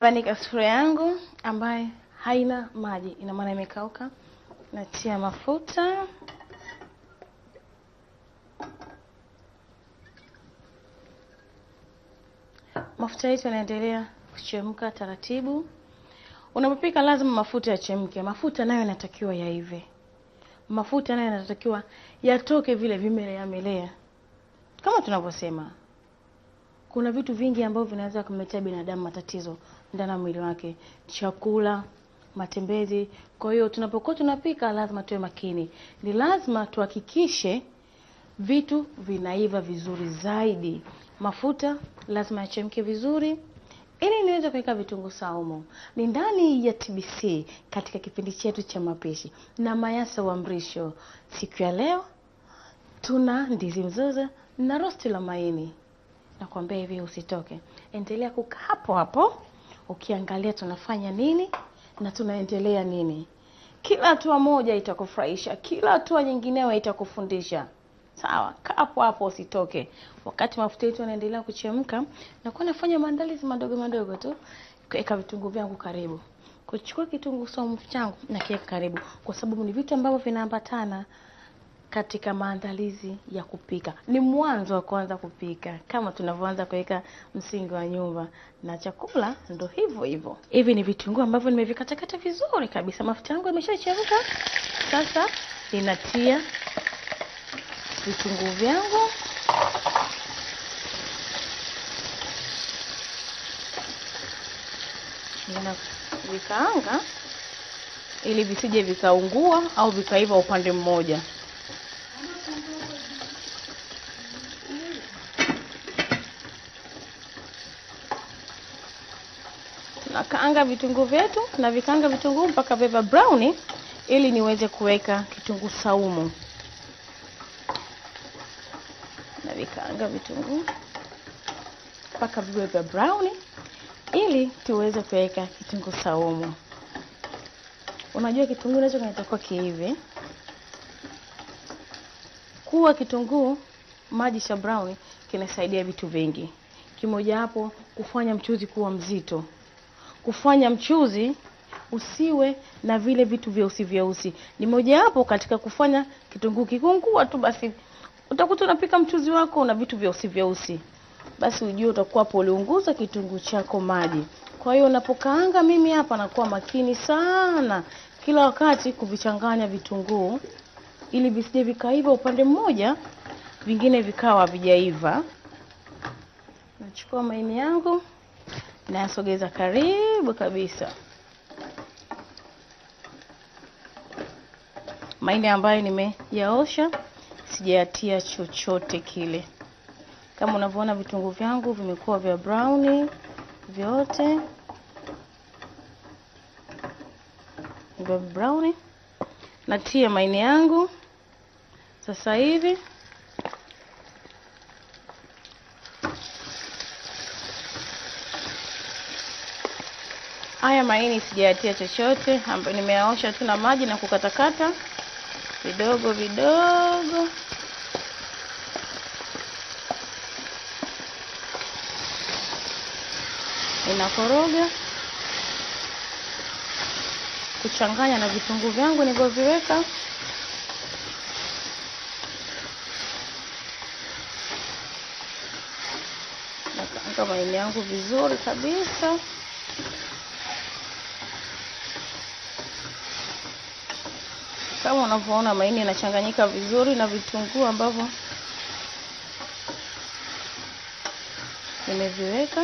Nanika sufuria yangu ambaye haina maji, ina maana imekauka. Natia mafuta mafuta yetu yanaendelea kuchemka taratibu. Unapopika lazima mafuta yachemke, mafuta nayo yanatakiwa yaive, mafuta nayo yanatakiwa yatoke vile vimelea melea, kama tunavyosema kuna vitu vingi ambavyo vinaweza kumletea binadamu matatizo ndani ya mwili wake, chakula, matembezi. Kwa hiyo tunapokuwa tunapika, lazima tuwe makini, ni lazima tuhakikishe vitu vinaiva vizuri zaidi. Mafuta lazima yachemke vizuri ili niweze kuweka vitunguu saumu. Ni ndani ya TBC katika kipindi chetu cha mapishi na Mayasa wa Mrisho. Siku ya leo tuna ndizi mzuzu na rosti la maini nakwambia hivi, usitoke, endelea kukaa hapo hapo ukiangalia tunafanya nini na tunaendelea nini. Kila hatua moja itakufurahisha, kila hatua nyingineyo itakufundisha. Sawa, kaa hapo hapo usitoke. Wakati mafuta yetu yanaendelea kuchemka, nakuwa nafanya maandalizi madogo madogo tu. Weka vitunguu vyangu karibu, kuchukua kitunguu saumu changu na kiweka karibu, kwa sababu ni vitu ambavyo vinaambatana katika maandalizi ya kupika. Ni mwanzo wa kuanza kupika, kama tunavyoanza kuweka msingi wa nyumba, na chakula ndo hivyo hivyo. Hivi ni vitunguu ambavyo nimevikatakata vizuri kabisa, mafuta yangu yameshachemka. Sasa ninatia vitunguu vyangu ninavikaanga ili visije vikaungua au vikaiva upande mmoja. nakaanga vitunguu vyetu na vikaanga vitunguu mpaka viva brown, ili niweze kuweka kitunguu saumu na vikaanga vitunguu mpaka viwe vya brown ili tuweze kuweka kitunguu saumu. Unajua kitunguu nacho kinatakiwa kiive. Kuwa kitunguu maji cha brown kinasaidia vitu vingi, kimoja hapo kufanya mchuzi kuwa mzito kufanya mchuzi usiwe na vile vitu vyeusi vyeusi. Ni mojawapo katika kufanya kitunguu. Kikungua tu basi, utakuta unapika mchuzi wako una vitu vyeusi vyeusi, basi ujue utakuwa hapo uliunguza kitunguu chako maji. Kwa hiyo unapokaanga, mimi hapa nakuwa makini sana kila wakati kuvichanganya vitunguu ili visije vikaiva upande mmoja, vingine vikawa havijaiva. Nachukua maini yangu nayasogeza karibu kabisa. Mahindi ambayo nimeyaosha sijayatia chochote kile. Kama unavyoona vitunguu vyangu vimekuwa vya brown vyote vya brown. Natia maini yangu sasa hivi. Haya maini sijayatia chochote, nimeyaosha tu na maji na kukatakata vidogo vidogo. Ninakoroga kuchanganya na vitunguu vyangu nilivyoviweka. Nakaanga maini yangu vizuri kabisa. Kama unavyoona mahindi yanachanganyika vizuri na vitunguu ambavyo nimeviweka.